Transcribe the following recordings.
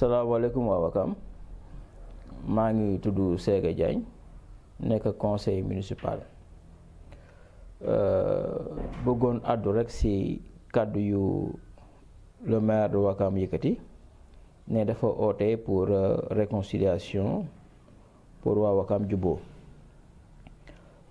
salaamaaleykum waa Wakam maa ngi tudd Séga Diagne nekk conseil municipal euh, bëggoon àddu rek ci kàddu yu le maire de Wakam yëkkati ne dafa oote pour euh, réconciliation pour waa Wakam juboo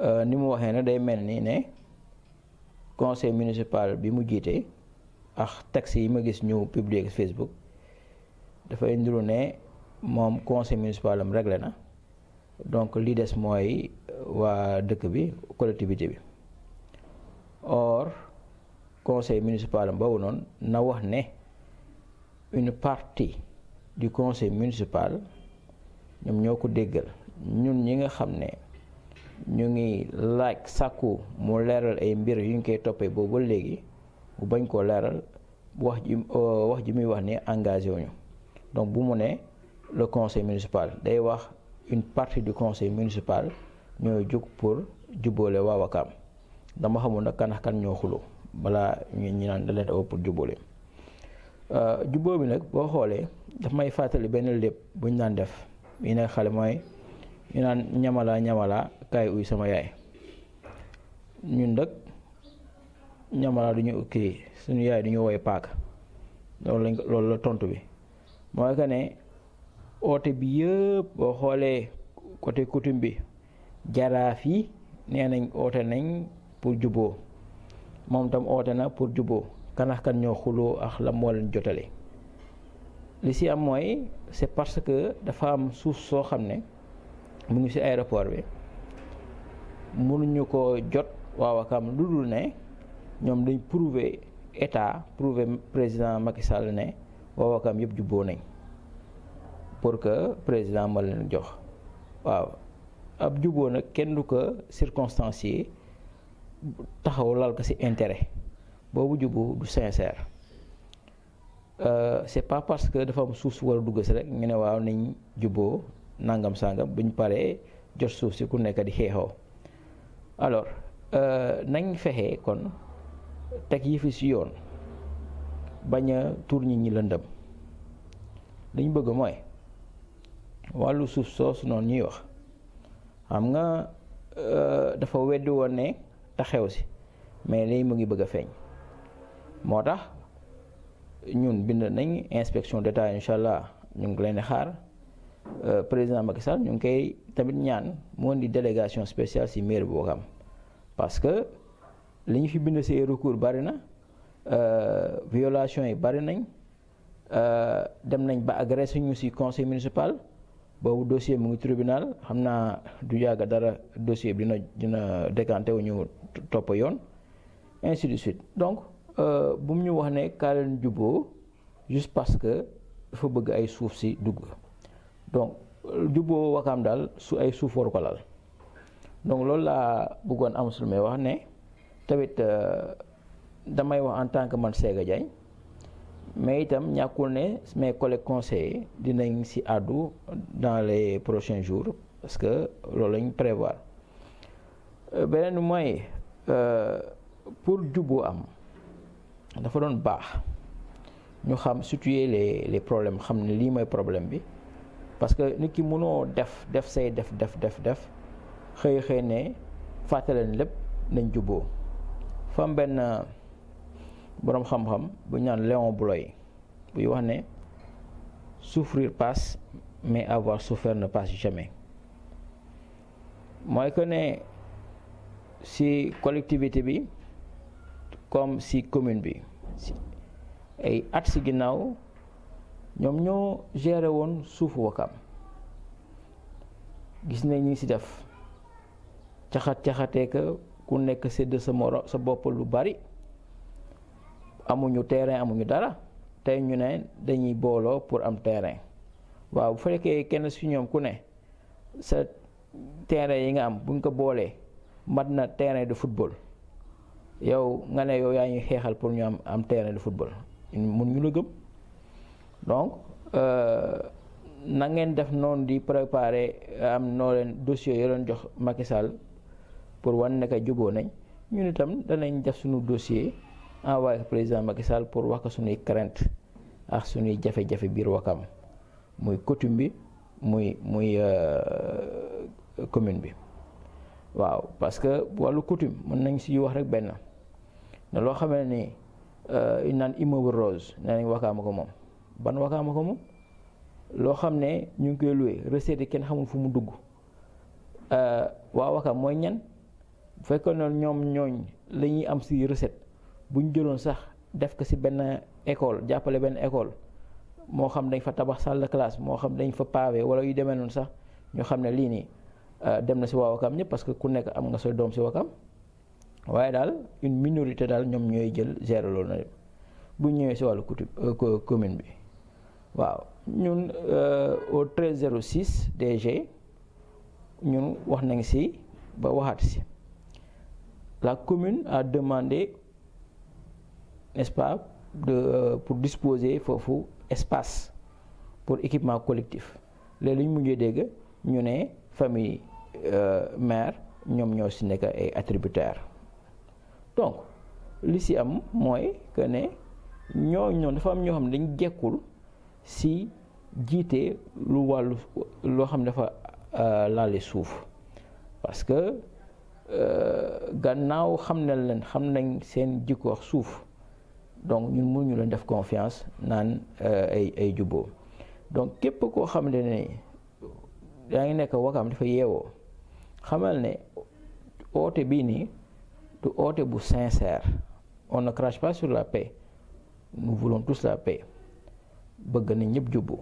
euh, ni mu waxee ne day mel ni ne conseil municipal bi mu jiite ak texte yi ma gis ñu publier Facebook dafay indiru ne moom conseil municipal am na donc li des mooy euh, waa dëkk bi collectivité bi or conseil municipal am boobu na wax ne une partie di conseil municipal ñoom ñoo ko déggal ñun ñi nga xam ne ñu ngi laaj sàkku mu leeral ay mbir yu ñu koy toppee boobu léegi bu bañ koo leeral wax ji euh, wax ji muy wax ni engagé wuñu donc bu mu ne le conseil municipal day wax une partie du conseil municipal ñooy jóg pour jubboole waa Wakaam dama xamul nag kan kan ñoo xulo balaa ñu ñu naan da leen aw euh, bi nag boo xoolee daf may fàttali benn lépp bu naan def yi nekk xale mooy ñu naan ñamalaa ñamala kaay uy sama yaay ñun nag ñamala duñu ukki suñu yaay du ñu woy paaka loolu lañ loolu la tontu bi. mooy que ne oote bi yëpp boo xoolee côté coutume bi jaraaf yi nee nañ oote nañ pour juboo moom tam oote na pour juboo kanax kan ñoo xuloo ak la mool leen jotale li si am mooy c'est parce que dafa am suuf soo xam ne mu ngi si aéroport bi mënuñu ko jot waaw akam lu dul ne ñoom dañ prouver état prouver président Macky Sall ne waa Wakaam yëpp jubboo nañ pour que président ma leen jox waaw ab jubboo nag kenn du ko circonstancier taxaw lal ko ci intérêt boobu jubbu du sincère euh, c'est pas parce que dafa am suuf su war a dugg si rek ñu ne waaw nañ jubboo nangam sangam buñ paree jot suuf si ku nekk di xeexoo alors euh, nañ fexe kon teg yi fi si yoon. bañ a tuur ñi ñi lëndëm li ñu bëgg mooy wàllu suuf soosu noonu ñuy wax xam nga euh, dafa weddi woon ne taxew si mais léegi mu ngi bëgg a feeñ moo tax ñun bind nañ inspection d'état incha allah ñu ngi leen di xaar euh, président Macky Sall ñu ngi koy tamit ñaan moo di délégation spéciale si maire bu Ouakam parce li ñu fi bind see recours bari na. Euh, violations yi bari nañ euh, dem nañ ba agressé ñu ci conseil municipal boobu dossier mu ngi tribunal xam naa du yàgg dara dossier bi dina dina décanté wu ñu topp yoon ainsi de suite donc euh, bu mu ñu wax ne kaa leen jubboo juste parce que dafa bëgg ay suuf si dugg donc jubboo wakaam daal su ay suuf waru ko laal donc loolu laa bëggoon am su wax ne tamit. damay wax en tant que man Séga Diagne mais itam ñàkkul ne mes collègues conseillers dinañ ci àddu dans les prochains jours parce que loolu lañ prévoir euh, beneen mooy euh, pour juboo am dafa doon baax ñu xam situer les les problèmes xam ne lii mooy problème bi parce que nit ki mënoo def def say def def def def xëy xëy ne fàttaleen lépp nañ juboo fam benn boroom xam-xam bu ñu naan Léon Bouloy buy wax ne souffrir passe mais avoir souffert ne passe jamais mooy que ne ci collectivité bi comme ci commune bi ay at ci ginnaaw ñoom ñoo géré woon suufu Wakam gis nañ ñi ci def caxat caxatee ka ku nekk sédd sa moro sa bopp lu bari amuñu terrain amuñu dara tey ñu ne dañuy booloo pour am terrain waaw bu fekkee kenn si ñoom ku ne sa terrain yi nga am buñ ko boolee mat na terrain de football yow nga ne yow yaa ñuy xeexal pour ñu am am terrain de football mun ñu la gëm donc euh, na ngeen def noonu di préparer euh, am noo leen dossier yoo jox Macky pour wan ne juboo nañ ñun itam danañ def suñu dossier. Ah, envoyé président Macky Sall pour wax ko suñuy crainte ak suñuy jafe-jafe biir Wakam muy coutume bi muy muy euh, commune bi waaw parce que wàllu coutume mën nañ si wax rek benn ne loo xamee ni euh, ñu naan immeuble rose nee nañ Wakaama ko moom ban Wakaama ko moom loo xam ne ñu ngi koy loué recette yi kenn xamul fu mu dugg euh, waa Wakaam mooy ñan bu fekkoon ne ñoom ñooñ lañuy am si recette bu ñu jëloon sax def ko ci benn école jàppale benn école moo xam dañ fa tabax sàll de moo xam dañ fa pavé wala yu demee noonu sax ñu xam ne lii nii euh, dem na si waaw Wakam ñëpp parce que ku nekk am nga sa doom si Wakam waaye daal une minorité daal ñoom ñooy jël gérer loolu na bu ñëwee si wàllu coutu euh, commune bi waaw ñun euh, au 1306 DG ñun wax nañ si ba waxaat ci la commune à demandé nest pas de euh, pour disposer foofu espace pour équipement collectif léegi lu ñu mujjee dégg ñu ne famille euh, maire ñoom ñoo si nekk ay attributaire donc li si am mooy que ne ñoo ñoon dafa am ñoo xam ne dañ jekkul si jiite lu wàllu loo xam ne dafa euh, laale suuf parce que gannaaw xam na leen xam nañ seen jikko ak suuf donc ñun ñu leen def confiance naan euh, ay ay juboo donc képp koo xam ne ne yaa ngi nekk Wakam dafa yeewoo xamal ne oote bii nii du oote bu sincère on ne crache pas sur la paix mu voulons tous la paix bëgg nañ ñëpp juboo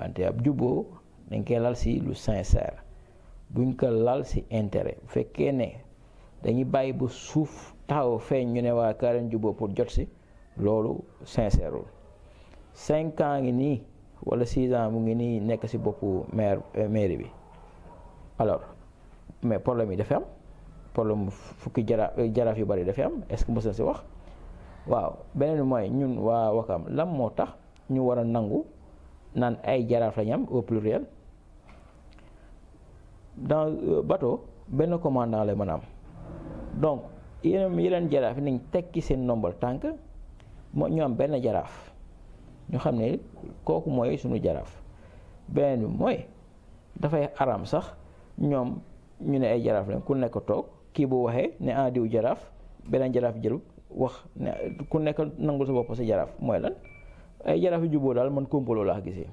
wante ab juboo dañ koy lal si lu sincère buñ ko lal si intéret bu fekkee ne dañuy bàyyi bu suuf taxaw feeñ ñu ne waa kaaren juboo pour jot si loolu sincèreul cinq ans ngi nii wala six ans mu ngi nii nekk ci boppu maire euh, mairie bi alors mais problème yi dafa am problème fukki jara euh, jaraaf yu bari dafa am est-ce que wax waaw beneen mooy ñun waa Wakam lan moo tax ñu war a nangu naan ay jaraaf lañ am au pluriel dans euh, bateau benn commandant lay mën a am donc yeneen yeneen jaraaf yi nañ tekki seen nombal tànk moo ñu am benn jaraaf ñu xam ne kooku mooy suñu jaraaf beneen bi mooy dafay araam sax ñoom ñu ne ay jaraaf lañ ku nekk toog kii bu waxee ne ah diw jaraaf beneen jaraaf jël wax ne ku nekk nangul sa bopp sa jaraaf mooy lan ay jaraaf yu juboo daal man kompaloo laa gisee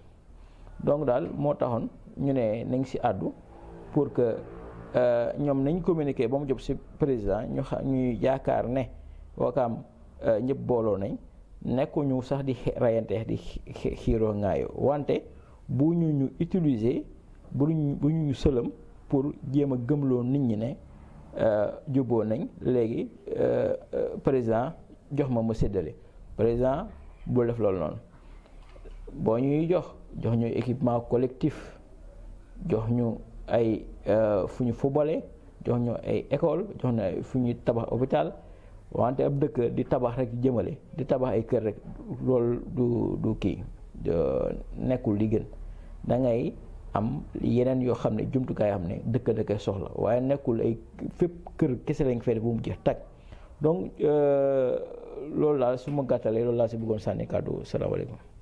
donc daal moo taxoon ñu ne nañ si àddu pour que euh, ñoom nañ communiqué ba mu jot si président ñu xa ñuy yaakaar ne Wakaam Euh, ñëpp booloo nañ nekkuñu sax di rayante di xiiroo ŋaayoo wante bu ñu ñu utiliser bu ñu bu ñu sëlëm pour jéem a gëmloo nit ñi ne euh, juboo nañ léegi euh, président jox ma ma séddale président bul def loolu noonu boo ñuy jox jox ñu équipement collectif jox ñu ay fu ñu fubale jox ñu ay école jox ñu ay fu ñuy tabax hôpital wante ab dëkk di tabax rek jëmale di tabax ay kër rek lool du du kii nekkul li gën da ngay am yeneen yoo xam ne jumtukaay yoo xam ne dëkk dëkk soxla waaye nekkul ay fépp kër kese lañ fay bu mu jeex tag donc euh, loolu daal su ma gàttalee loolu laa si bëggoon sànni kàddu salaamaaleykum